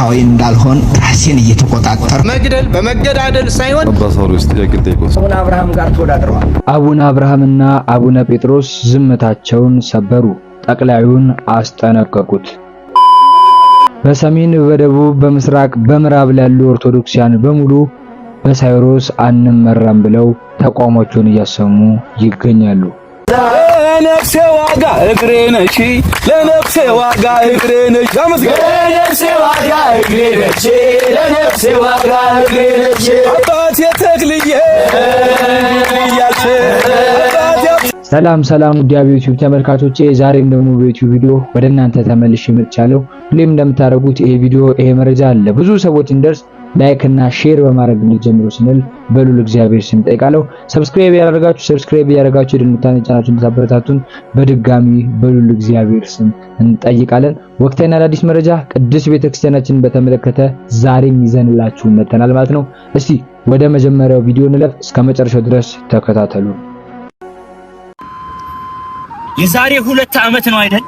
ፍትሐዊ እንዳልሆን ራሴን እየተቆጣጠር መግደል በመገዳደል ሳይሆን አቡነ አብርሃም ጋር ተወዳድረዋል። አቡነ አብርሃምና አቡነ ጴጥሮስ ዝምታቸውን ሰበሩ፣ ጠቅላዩን አስጠነቀቁት። በሰሜን በደቡብ በምስራቅ በምዕራብ ላሉ ኦርቶዶክሲያን በሙሉ በሳይሮስ አንመራም ብለው ተቋሞቹን እያሰሙ ይገኛሉ። ለነፍሴ ዋጋ እግሬ ለነፍሴ ዋጋ እግሬ ነሽ ሰላም ሰላም ውዲያ በዩቲዩብ ተመልካቾቼ፣ ዛሬም ደግሞ በዩቲዩብ ቪዲዮ ወደ እናንተ ተመልሼ መጥቻለሁ። ሁሌም እንደምታደርጉት ይሄ ቪዲዮ ይሄ መረጃ ለብዙ ሰዎች እንደርስ ላይክ እና ሼር በማድረግ እንዲጀምሩ ስንል በሉል እግዚአብሔር ስም ጠይቃለሁ። ሰብስክራይብ ያደረጋችሁ ሰብስክራይብ ያደረጋችሁ ድንታን ጫናችሁ እንድታበረታቱን በድጋሚ በሉል እግዚአብሔር ስም እንጠይቃለን። ወቅታዊና አዳዲስ መረጃ ቅዱስ ቤተክርስቲያናችንን በተመለከተ ዛሬም ይዘንላችሁ መተናል ማለት ነው። እስቲ ወደ መጀመሪያው ቪዲዮ እንለፍ። እስከ መጨረሻው ድረስ ተከታተሉ። የዛሬ ሁለት ዓመት ነው አይደል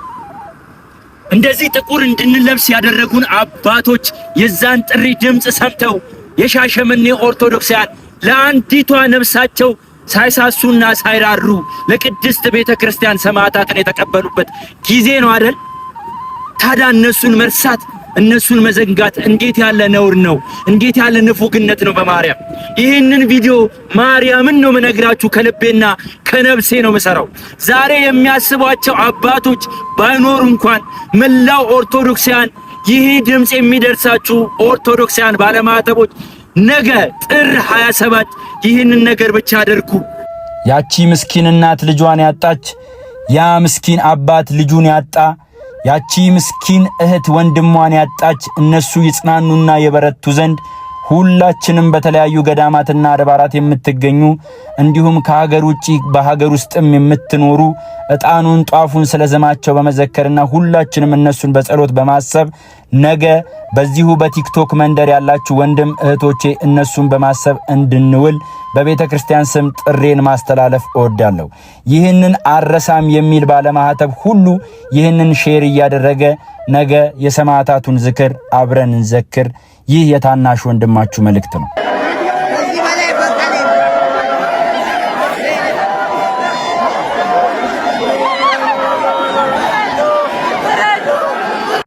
እንደዚህ ጥቁር እንድንለብስ ያደረጉን አባቶች የዛን ጥሪ ድምፅ ሰምተው የሻሸመኔ ኦርቶዶክሳውያን ለአንዲቷ ነፍሳቸው ሳይሳሱና ሳይራሩ ለቅድስት ቤተ ክርስቲያን ሰማዕታትን የተቀበሉበት ጊዜ ነው አይደል? ታዲያ እነሱን መርሳት እነሱን መዘንጋት እንዴት ያለ ነውር ነው! እንዴት ያለ ንፉግነት ነው! በማርያም ይህንን ቪዲዮ ማርያምን ነው መነግራችሁ፣ ከልቤና ከነብሴ ነው የምሰራው ዛሬ የሚያስቧቸው አባቶች ባይኖር እንኳን መላው ኦርቶዶክሳውያን፣ ይህ ድምፅ የሚደርሳችሁ ኦርቶዶክሳውያን ባለማዕተቦች፣ ነገ ጥር 27 ይህንን ነገር ብቻ አደርጉ ያቺ ምስኪን እናት ልጇን ያጣች፣ ያ ምስኪን አባት ልጁን ያጣ ያቺ ምስኪን እህት ወንድሟን ያጣች እነሱ ይጽናኑና የበረቱ ዘንድ ሁላችንም በተለያዩ ገዳማትና አድባራት የምትገኙ እንዲሁም ከሀገር ውጪ በሀገር ውስጥም የምትኖሩ ዕጣኑን ጧፉን ስለ ስማቸው በመዘከርና ሁላችንም እነሱን በጸሎት በማሰብ ነገ በዚሁ በቲክቶክ መንደር ያላችሁ ወንድም እህቶቼ እነሱን በማሰብ እንድንውል በቤተ ክርስቲያን ስም ጥሬን ማስተላለፍ እወዳለሁ። ይህንን አረሳም የሚል ባለማህተብ ሁሉ ይህንን ሼር እያደረገ ነገ የሰማዕታቱን ዝክር አብረን እንዘክር። ይህ የታናሽ ወንድማችሁ መልእክት ነው።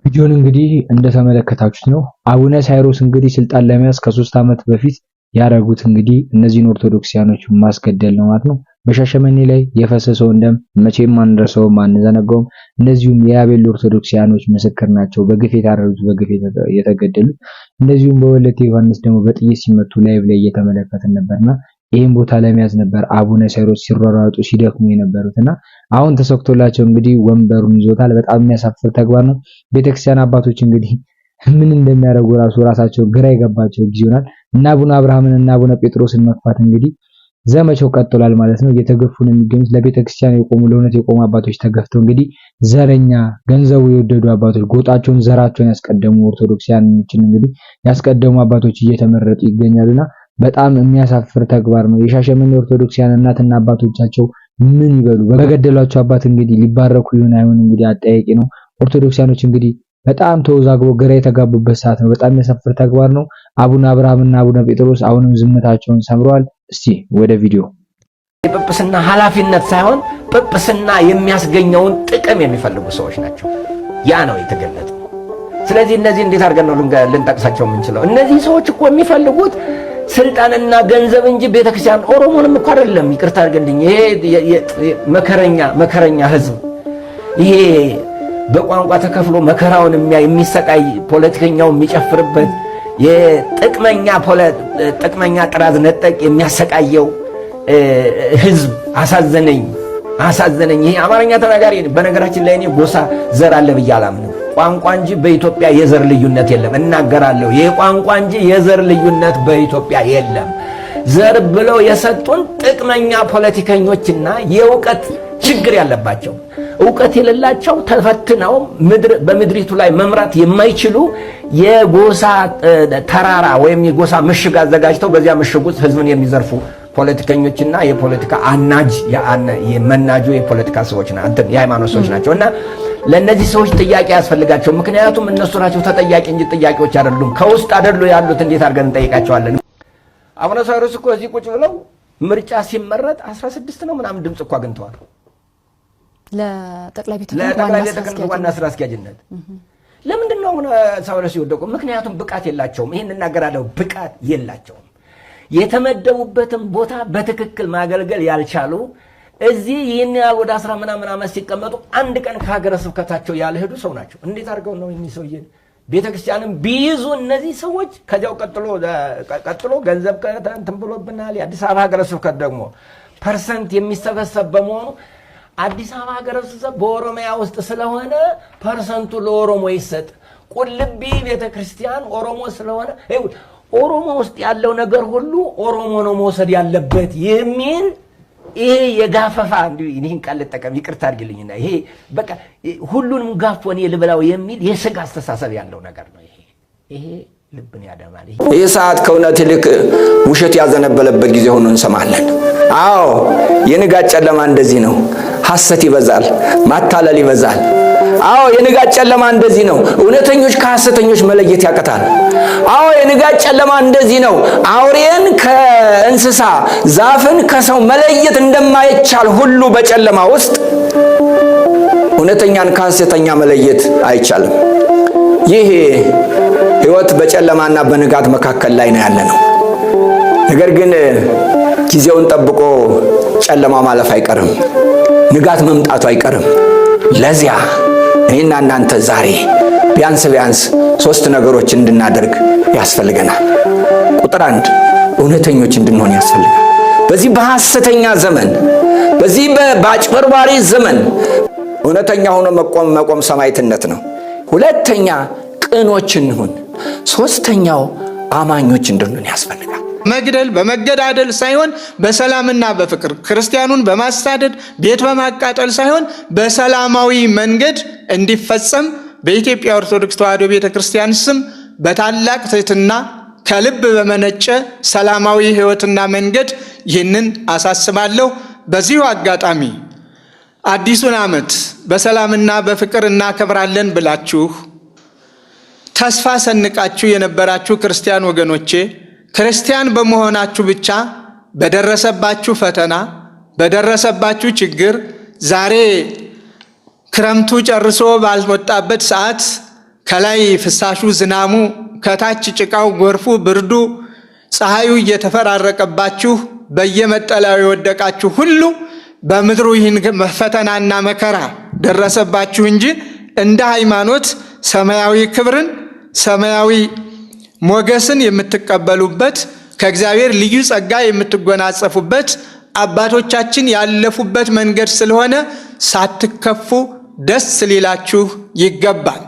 ቪዲዮን እንግዲህ እንደተመለከታችሁት ነው። አቡነ ሳይሮስ እንግዲህ ስልጣን ለመያዝ ከሶስት ዓመት በፊት ያደረጉት እንግዲህ እነዚህን ኦርቶዶክሲያኖች ማስገደል ነው ማለት ነው። በሻሸመኔ ላይ የፈሰሰውን ደም መቼም አንረሳውም፣ አንዘነጋውም። እንደዚሁም የያቤል ኦርቶዶክሲያኖች ምስክር ናቸው። በግፍ የታረዱት፣ በግፍ የተገደሉት። እንደዚሁም በወለቴ ዮሐንስ ደግሞ በጥይት ሲመቱ ላይቭ ላይ እየተመለከትን ነበርና ይህም ቦታ ለመያዝ ነበር አቡነ ሳይሮስ ሲሯሯጡ ሲደክሙ የነበሩት እና አሁን ተሰክቶላቸው እንግዲህ ወንበሩን ይዞታል። በጣም የሚያሳፍር ተግባር ነው። ቤተክርስቲያን አባቶች እንግዲህ ምን እንደሚያደርጉ ራሱ ራሳቸው ግራ የገባቸው ጊዜ ይሆናል እና አቡነ አብርሃምን እና አቡነ ጴጥሮስን መግፋት እንግዲህ ዘመቻው ቀጥሏል ማለት ነው። እየተገፉ ነው የሚገኙት። ለቤተ ክርስቲያን የቆሙ ለእውነት የቆሙ አባቶች ተገፍተው እንግዲህ ዘረኛ ገንዘቡ የወደዱ አባቶች ጎጣቸውን፣ ዘራቸውን ያስቀደሙ ኦርቶዶክሲያኖችን እንግዲህ ያስቀደሙ አባቶች እየተመረጡ ይገኛሉና በጣም የሚያሳፍር ተግባር ነው። የሻሸመኔ ኦርቶዶክሲያን እናትና አባቶቻቸው ምን ይበሉ? በገደሏቸው አባት እንግዲህ ሊባረኩ ይሁን አይሁን እንግዲህ አጠያቂ ነው። ኦርቶዶክሲያኖች እንግዲህ በጣም ተወዛግቦ ግራ የተጋቡበት ሰዓት ነው። በጣም የሚያሳፍር ተግባር ነው። አቡነ አብርሃምና አቡነ ጴጥሮስ አሁንም ዝምታቸውን ሰምረዋል። እስቲ ወደ ቪዲዮ የጵጵስና ኃላፊነት ሳይሆን ጵጵስና የሚያስገኘውን ጥቅም የሚፈልጉ ሰዎች ናቸው። ያ ነው የተገለጠ። ስለዚህ እነዚህ እንዴት አድርገን ነው ልንጠቅሳቸው የምንችለው? እነዚህ ሰዎች እኮ የሚፈልጉት ስልጣንና ገንዘብ እንጂ ቤተክርስቲያን ኦሮሞንም እኮ አይደለም። ይቅርታ አድርገልኝ። ይሄ መከረኛ መከረኛ ህዝብ ይሄ በቋንቋ ተከፍሎ መከራውን የሚሰቃይ ፖለቲከኛው የሚጨፍርበት የጥቅመኛ ጥቅመኛ ጥራዝ ነጠቅ የሚያሰቃየው ህዝብ አሳዘነኝ አሳዘነኝ። ይሄ አማርኛ ተናጋሪ በነገራችን ላይ እኔ ጎሳ ዘር አለ ብዬ አላምንም። ቋንቋ እንጂ በኢትዮጵያ የዘር ልዩነት የለም። እናገራለሁ። ይህ ቋንቋ እንጂ የዘር ልዩነት በኢትዮጵያ የለም። ዘር ብለው የሰጡን ጥቅመኛ ፖለቲከኞችና የእውቀት ችግር ያለባቸው እውቀት የሌላቸው ተፈትነው በምድሪቱ ላይ መምራት የማይችሉ የጎሳ ተራራ ወይም የጎሳ ምሽግ አዘጋጅተው በዚያ ምሽግ ውስጥ ህዝብን የሚዘርፉ ፖለቲከኞችና የፖለቲካ አናጅ መናጁ የፖለቲካ ሰዎች የሃይማኖት ሰዎች ናቸው እና ለእነዚህ ሰዎች ጥያቄ ያስፈልጋቸው። ምክንያቱም እነሱ ናቸው ተጠያቂ እንጂ ጥያቄዎች አይደሉም። ከውስጥ አደሉ ያሉት እንዴት አድርገን እንጠይቃቸዋለን? አቡነ ሳዊሮስ እኮ እዚህ ቁጭ ብለው ምርጫ ሲመረጥ 16 ነው ምናምን ድምፅ እኮ አግኝተዋል። ለጠቅላይ ቤተ ክህነት ዋና ስራ አስኪያጅነት ለምንድን ነው አሁን ሳውረስ ሲወደቁ? ምክንያቱም ብቃት የላቸውም። ይህን እናገራለሁ፣ ብቃት የላቸውም። የተመደቡበትን ቦታ በትክክል ማገልገል ያልቻሉ እዚህ ይህን ያህል ወደ አስራ ምናምን ዓመት ሲቀመጡ አንድ ቀን ከሀገረ ስብከታቸው ያልሄዱ ሰው ናቸው። እንዴት አድርገው ነው እኚህ ሰውዬ ቤተ ክርስቲያንም ቢይዙ እነዚህ ሰዎች ከዚያው ቀጥሎ ገንዘብ እንትን ብሎብናል። የአዲስ አበባ ሀገረ ስብከት ደግሞ ፐርሰንት የሚሰበሰብ በመሆኑ አዲስ አበባ ሀገረ ስብከት በኦሮሚያ ውስጥ ስለሆነ ፐርሰንቱ ለኦሮሞ ይሰጥ። ቁልቢ ቤተ ክርስቲያን ኦሮሞ ስለሆነ ኦሮሞ ውስጥ ያለው ነገር ሁሉ ኦሮሞ ነው መውሰድ ያለበት የሚል ይሄ የጋፈፋ እንዲሁ ይህን ቃል ልጠቀም ይቅርታ አድርግልኝና፣ ይሄ በቃ ሁሉንም ጋፎን ልብላው የሚል የስጋ አስተሳሰብ ያለው ነገር ነው። ይሄ ይሄ ልብን ያደማል። ይህ ሰዓት ከእውነት ይልቅ ውሸት ያዘነበለበት ጊዜ ሆኖ እንሰማለን። አዎ የንጋት ጨለማ እንደዚህ ነው። ሐሰት ይበዛል፣ ማታለል ይበዛል። አዎ የንጋት ጨለማ እንደዚህ ነው። እውነተኞች ከሐሰተኞች መለየት ያቀታል። አዎ የንጋት ጨለማ እንደዚህ ነው። አውሬን ከእንስሳ ዛፍን ከሰው መለየት እንደማይቻል ሁሉ በጨለማ ውስጥ እውነተኛን ከሐሰተኛ መለየት አይቻልም። ይህ ሕይወት በጨለማና በንጋት መካከል ላይ ነው ያለ ነው። ነገር ግን ጊዜውን ጠብቆ ጨለማ ማለፍ አይቀርም። ንጋት መምጣቱ አይቀርም። ለዚያ እኔና እናንተ ዛሬ ቢያንስ ቢያንስ ሶስት ነገሮች እንድናደርግ ያስፈልገናል። ቁጥር አንድ እውነተኞች እንድንሆን ያስፈልጋል። በዚህ በሐሰተኛ ዘመን፣ በዚህ በአጭበርባሪ ዘመን እውነተኛ ሆኖ መቆም መቆም ሰማዕትነት ነው። ሁለተኛ ቅኖች እንሁን። ሶስተኛው አማኞች እንድንሆን ያስፈልጋል። መግደል በመገዳደል ሳይሆን በሰላምና በፍቅር ክርስቲያኑን በማሳደድ ቤት በማቃጠል ሳይሆን በሰላማዊ መንገድ እንዲፈጸም በኢትዮጵያ ኦርቶዶክስ ተዋሕዶ ቤተ ክርስቲያን ስም በታላቅ ትህትና ከልብ በመነጨ ሰላማዊ ሕይወትና መንገድ ይህንን አሳስባለሁ። በዚሁ አጋጣሚ አዲሱን ዓመት በሰላምና በፍቅር እናከብራለን ብላችሁ ተስፋ ሰንቃችሁ የነበራችሁ ክርስቲያን ወገኖቼ ክርስቲያን በመሆናችሁ ብቻ በደረሰባችሁ ፈተና በደረሰባችሁ ችግር ዛሬ ክረምቱ ጨርሶ ባልወጣበት ሰዓት ከላይ ፍሳሹ ዝናሙ፣ ከታች ጭቃው፣ ጎርፉ፣ ብርዱ፣ ፀሐዩ እየተፈራረቀባችሁ በየመጠለያው የወደቃችሁ ሁሉ በምድሩ ይህን ፈተናና መከራ ደረሰባችሁ እንጂ እንደ ሃይማኖት ሰማያዊ ክብርን ሰማያዊ ሞገስን የምትቀበሉበት ከእግዚአብሔር ልዩ ጸጋ የምትጎናጸፉበት አባቶቻችን ያለፉበት መንገድ ስለሆነ ሳትከፉ ደስ ሊላችሁ ይገባል።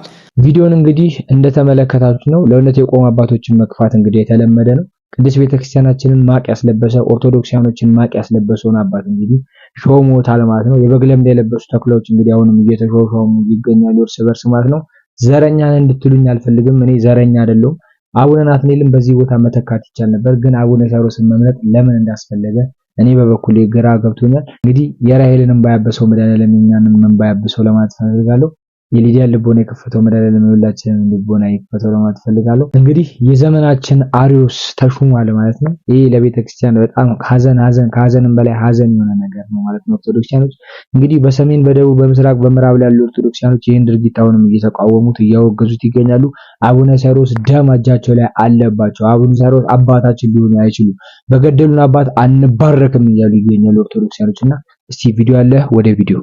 ቪዲዮን እንግዲህ እንደተመለከታችሁ ነው። ለእውነት የቆሙ አባቶችን መግፋት እንግዲህ የተለመደ ነው። ቅድስት ቤተክርስቲያናችንን ማቅ ያስለበሰ ኦርቶዶክሲያኖችን ማቅ ያስለበሰውን አባት እንግዲህ ሾሞታል ማለት ነው። የበግ ለምድ የለበሱ ተኩላዎች እንግዲህ አሁንም እየተሾሾሙ ይገኛሉ እርስ በርስ ማለት ነው። ዘረኛን እንድትሉኝ አልፈልግም። እኔ ዘረኛ አይደለሁም። አቡነ ናትናኤልን በዚህ ቦታ መተካት ይቻል ነበር፣ ግን አቡነ ሳዊሮስን መምረጥ ለምን እንዳስፈለገ እኔ በበኩሌ ግራ ገብቶኛል። እንግዲህ የራሔልን እንባ ያበሰው መድኃኔዓለም የእኛንም እንባ ያብሰው ለማለት እፈልጋለሁ። የሊዲያን ልቦና የከፈተው መድኃኒዓለም የሁላችንን ልቦና የከፈተው ለማለት ፈልጋለሁ። እንግዲህ የዘመናችን አሪዮስ ተሹሟል ማለት ነው። ይህ ለቤተክርስቲያን በጣም ሀዘን ሀዘን ከሀዘንም በላይ ሀዘን የሆነ ነገር ነው ማለት ነው። ኦርቶዶክሲያኖች እንግዲህ በሰሜን በደቡብ በምስራቅ በምዕራብ ላይ ያሉ ኦርቶዶክሲያኖች ይህን ድርጊት አሁንም እየተቃወሙት እያወገዙት ይገኛሉ። አቡነ ሳይሮስ ደም እጃቸው ላይ አለባቸው። አቡነ ሳይሮስ አባታችን ሊሆኑ አይችሉም። በገደሉን አባት አንባረክም እያሉ ይገኛሉ ኦርቶዶክሲያኖች እና እስቲ ቪዲዮ አለ ወደ ቪዲዮ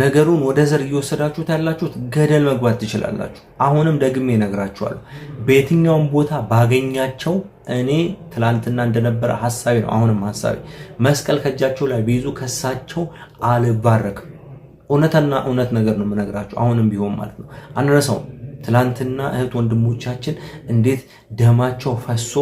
ነገሩን ወደ ዘር እየወሰዳችሁት ያላችሁት ገደል መግባት ትችላላችሁ። አሁንም ደግሜ እነግራችኋለሁ፣ በየትኛውም ቦታ ባገኛቸው እኔ ትላንትና እንደነበረ ሀሳቢ ነው። አሁንም ሀሳቢ መስቀል ከእጃቸው ላይ ቢይዙ ከሳቸው አልባረክም። እውነትና እውነት ነገር ነው የምነግራቸው። አሁንም ቢሆን ማለት ነው አንረሳውም። ትላንትና እህት ወንድሞቻችን እንዴት ደማቸው ፈሶ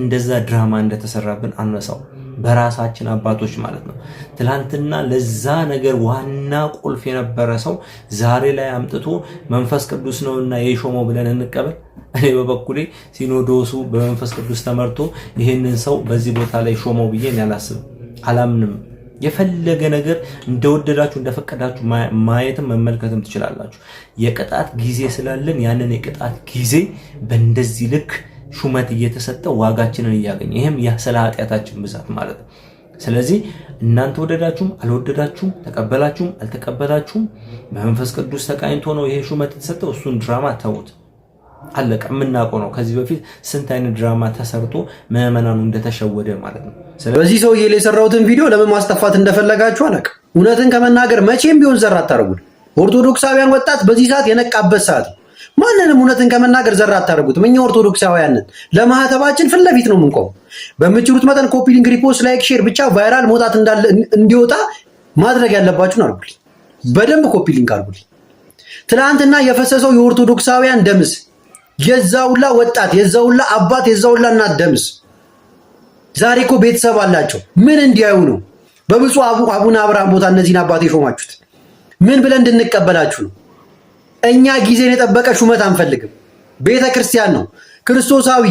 እንደዛ ድራማ እንደተሰራብን አንረሳው። በራሳችን አባቶች ማለት ነው። ትላንትና ለዛ ነገር ዋና ቁልፍ የነበረ ሰው ዛሬ ላይ አምጥቶ መንፈስ ቅዱስ ነውና የሾመው ብለን እንቀበል። እኔ በበኩሌ ሲኖዶሱ በመንፈስ ቅዱስ ተመርቶ ይህንን ሰው በዚህ ቦታ ላይ ሾመው ብዬ አላስብም፣ አላምንም። የፈለገ ነገር እንደወደዳችሁ እንደፈቀዳችሁ ማየትም መመልከትም ትችላላችሁ። የቅጣት ጊዜ ስላለን ያንን የቅጣት ጊዜ በእንደዚህ ልክ ሹመት እየተሰጠ ዋጋችንን እያገኘ ይህም ስለ ኃጢአታችን ብዛት ማለት ነው። ስለዚህ እናንተ ወደዳችሁም አልወደዳችሁም ተቀበላችሁም አልተቀበላችሁም በመንፈስ ቅዱስ ተቃኝቶ ነው ይሄ ሹመት የተሰጠው። እሱን ድራማ ተውት፣ አለቀ። የምናውቀው ነው። ከዚህ በፊት ስንት አይነት ድራማ ተሰርቶ ምዕመናኑ እንደተሸወደ ማለት ነው። በዚህ ሰውዬ ላይ የሰራሁትን ቪዲዮ ለምን ማስጠፋት እንደፈለጋችሁ አላውቅም። እውነትን ከመናገር መቼም ቢሆን ዘራ አታደርጉን። ኦርቶዶክሳውያን ወጣት በዚህ ሰዓት የነቃበት ሰዓት ማንንም እውነትን ከመናገር ዘራ አታደርጉትም። እኛ ኦርቶዶክሳውያንን ለማህተባችን ፊት ለፊት ነው የምንቆም። በምችሉት መጠን ኮፒ ሊንክ፣ ሪፖስት፣ ላይክ፣ ሼር ብቻ ቫይራል መውጣት እንዳለ እንዲወጣ ማድረግ ያለባችሁን አድርጉልኝ። በደንብ ኮፒ ሊንክ አድርጉልኝ። ትናንትና የፈሰሰው የኦርቶዶክሳውያን ደምስ የዛውላ ወጣት የዛውላ አባት የዛውላ እናት ደምስ ዛሬ እኮ ቤተሰብ አላቸው። ምን እንዲያዩ ነው? በብፁዕ አቡነ አብርሃም ቦታ እነዚህን አባት የሾማችሁት ምን ብለን እንድንቀበላችሁ ነው? እኛ ጊዜን የጠበቀ ሹመት አንፈልግም። ቤተ ክርስቲያን ነው ክርስቶሳዊ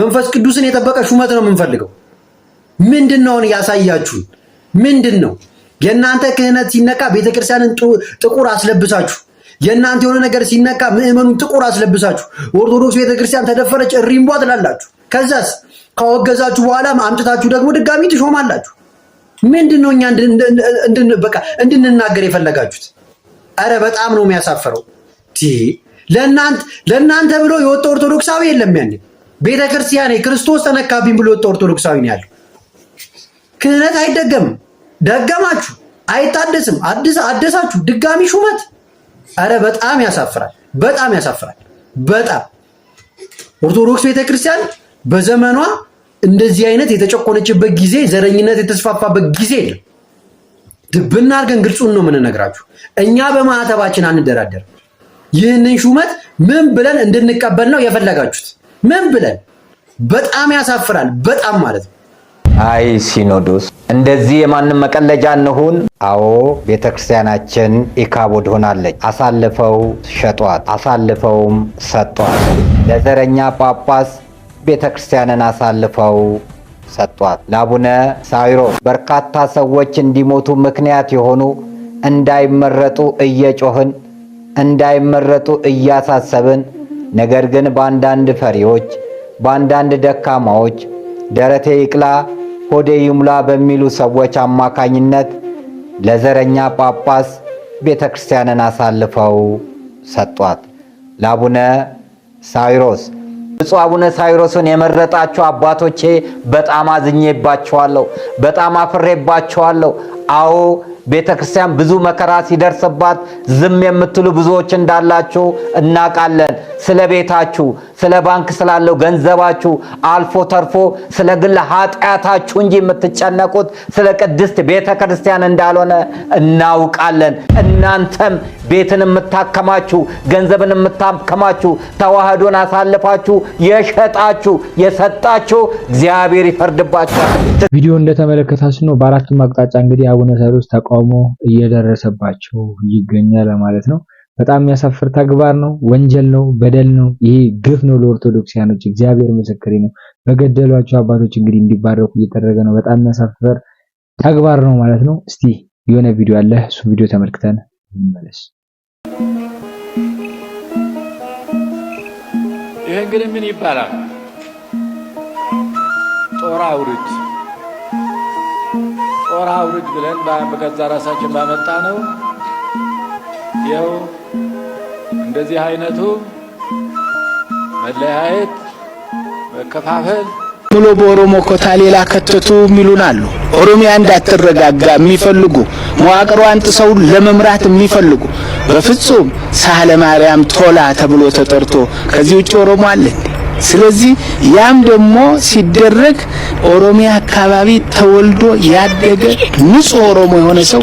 መንፈስ ቅዱስን የጠበቀ ሹመት ነው የምንፈልገው። ምንድን ነውን ያሳያችሁን? ምንድን ነው የእናንተ ክህነት ሲነካ ቤተ ክርስቲያንን ጥቁር አስለብሳችሁ፣ የእናንተ የሆነ ነገር ሲነካ ምእመኑን ጥቁር አስለብሳችሁ፣ ኦርቶዶክስ ቤተ ክርስቲያን ተደፈረች እሪምቧ ትላላችሁ። ከዛስ ካወገዛችሁ በኋላ አምጥታችሁ ደግሞ ድጋሚ ትሾማላችሁ። ምንድን ነው እኛ እንድንናገር የፈለጋችሁት? ኧረ በጣም ነው የሚያሳፈረው? ለእናንተ ለእናንተ ብሎ የወጣ ኦርቶዶክሳዊ የለም። ያን ቤተ ክርስቲያኔ ክርስቶስ ተነካብኝ ብሎ የወጣ ኦርቶዶክሳዊ ነው ያለው። ክህነት አይደገምም። ደገማችሁ፣ አይታደስም። አድስ አደሳችሁ፣ ድጋሚ ሹመት። አረ በጣም ያሳፍራል፣ በጣም ያሳፍራል። በጣም ኦርቶዶክስ ቤተ ክርስቲያን በዘመኗ እንደዚህ አይነት የተጨቆነችበት ጊዜ፣ ዘረኝነት የተስፋፋበት ጊዜ የለም። ድብና አድርገን ግልጹን ነው የምንነግራችሁ። እኛ በማዕተባችን አንደራደርም። ይህንን ሹመት ምን ብለን እንድንቀበል ነው የፈለጋችሁት? ምን ብለን? በጣም ያሳፍራል። በጣም ማለት ነው። አይ ሲኖዶስ፣ እንደዚህ የማንም መቀለጃ እንሁን። አዎ ቤተክርስቲያናችን ኢካቦድ ሆናለች። አሳልፈው ሸጧት፣ አሳልፈውም ሰጧት። ለዘረኛ ጳጳስ ቤተክርስቲያንን አሳልፈው ሰጧት። ለአቡነ ሳዊሮስ በርካታ ሰዎች እንዲሞቱ ምክንያት የሆኑ እንዳይመረጡ እየጮህን እንዳይመረጡ እያሳሰብን ነገር ግን በአንዳንድ ፈሪዎች፣ በአንዳንድ ደካማዎች ደረቴ ይቅላ ሆዴ ይሙላ በሚሉ ሰዎች አማካኝነት ለዘረኛ ጳጳስ ቤተ ክርስቲያንን አሳልፈው ሰጧት። ለአቡነ ሳይሮስ ብፁዕ አቡነ ሳይሮስን የመረጣችሁ አባቶቼ በጣም አዝኜባችኋለሁ፣ በጣም አፍሬባችኋለሁ። አዎ ቤተ ክርስቲያን ብዙ መከራ ሲደርስባት ዝም የምትሉ ብዙዎች እንዳላችሁ እናውቃለን። ስለ ቤታችሁ፣ ስለ ባንክ ስላለው ገንዘባችሁ አልፎ ተርፎ ስለ ግል ኃጢአታችሁ እንጂ የምትጨነቁት ስለ ቅድስት ቤተ ክርስቲያን እንዳልሆነ እናውቃለን። እናንተም ቤትን የምታከማችሁ ገንዘብን የምታከማችሁ ተዋህዶን አሳልፋችሁ የሸጣችሁ የሰጣችሁ እግዚአብሔር ይፈርድባችኋል። ቪዲዮ እንደተመለከታችሁ ነው። በአራቱም አቅጣጫ እንግዲህ አቡነ ሳዊሮስ ተቃውሞ እየደረሰባቸው ይገኛል ማለት ነው። በጣም የሚያሳፍር ተግባር ነው፣ ወንጀል ነው፣ በደል ነው፣ ይሄ ግፍ ነው ለኦርቶዶክሲያኖች። እግዚአብሔር ምስክሬ ነው። በገደሏቸው አባቶች እንግዲህ እንዲባረኩ እየተደረገ ነው። በጣም የሚያሳፍር ተግባር ነው ማለት ነው። እስቲ የሆነ ቪዲዮ አለ፣ እሱ ቪዲዮ ተመልክተን እንመለስ። ይሄ እንግዲህ ምን ይባላል? ጦር አውርድ ጦር አውርድ ብለን በገዛ ራሳችን ባመጣ ነው ይኸው እንደዚህ አይነቱ መለያየት፣ መከፋፈል ብሎ በኦሮሞ ኮታ ሌላ ከተቱ የሚሉን አሉ። ኦሮሚያ እንዳትረጋጋ የሚፈልጉ መዋቅሯን ጥሰው ለመምራት የሚፈልጉ በፍጹም ሳህለ ማርያም ቶላ ተብሎ ተጠርቶ ከዚህ ውጭ ኦሮሞ አለ ስለዚህ ያም ደግሞ ሲደረግ ኦሮሚያ አካባቢ ተወልዶ ያደገ ንጹህ ኦሮሞ የሆነ ሰው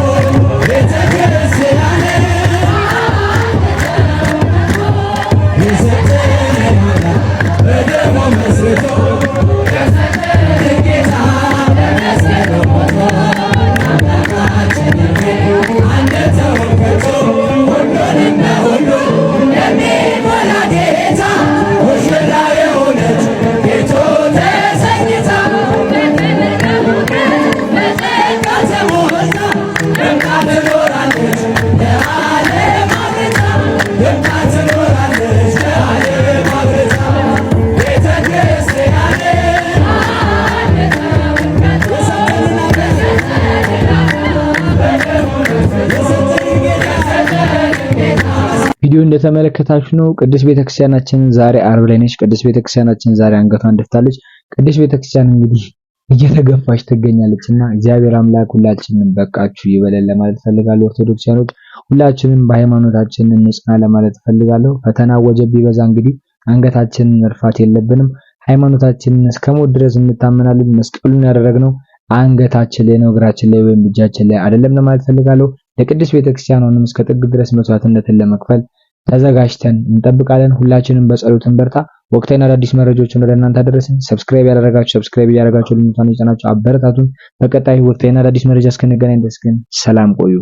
ቪዲዮ እንደተመለከታችሁ ነው ቅድስት ቤተክርስቲያናችን ዛሬ አርብ ላይ ነች። ቅድስት ቤተክርስቲያናችን ዛሬ አንገቷን ደፍታለች። ቅድስት ቤተክርስቲያን እንግዲህ እየተገፋች ትገኛለች እና እግዚአብሔር አምላክ ሁላችንም በቃችሁ ይበለን ለማለት ፈልጋለሁ። ኦርቶዶክሳኖች ሁላችንም በሃይማኖታችን እንጽና ለማለት ፈልጋለሁ። ፈተና ወጀብ ቢበዛ እንግዲህ አንገታችንን መርፋት የለብንም። ሃይማኖታችንን እስከሞት ድረስ እንታመናለን። መስቀሉን ያደረግነው አንገታችን ላይ ነው፣ እግራችን ላይ ወይም እጃችን ላይ አይደለም ለማለት ፈልጋለሁ። ለቅድስት ቤተክርስቲያን ሆነም እስከ ጥግ ድረስ መስዋዕትነትን ለመክፈል ተዘጋጅተን እንጠብቃለን። ሁላችንም በጸሎት እንበርታ። ወቅታዊና አዳዲስ መረጃዎችን ወደ እናንተ አደረስን። ሰብስክራይብ ያደረጋችሁ ሰብስክራይብ እያደረጋችሁ ልኝታን የጫናችሁ አበረታቱን። በቀጣይ ወቅታዊና አዳዲስ መረጃ እስክንገናኝ ድረስ ግን ሰላም ቆዩ።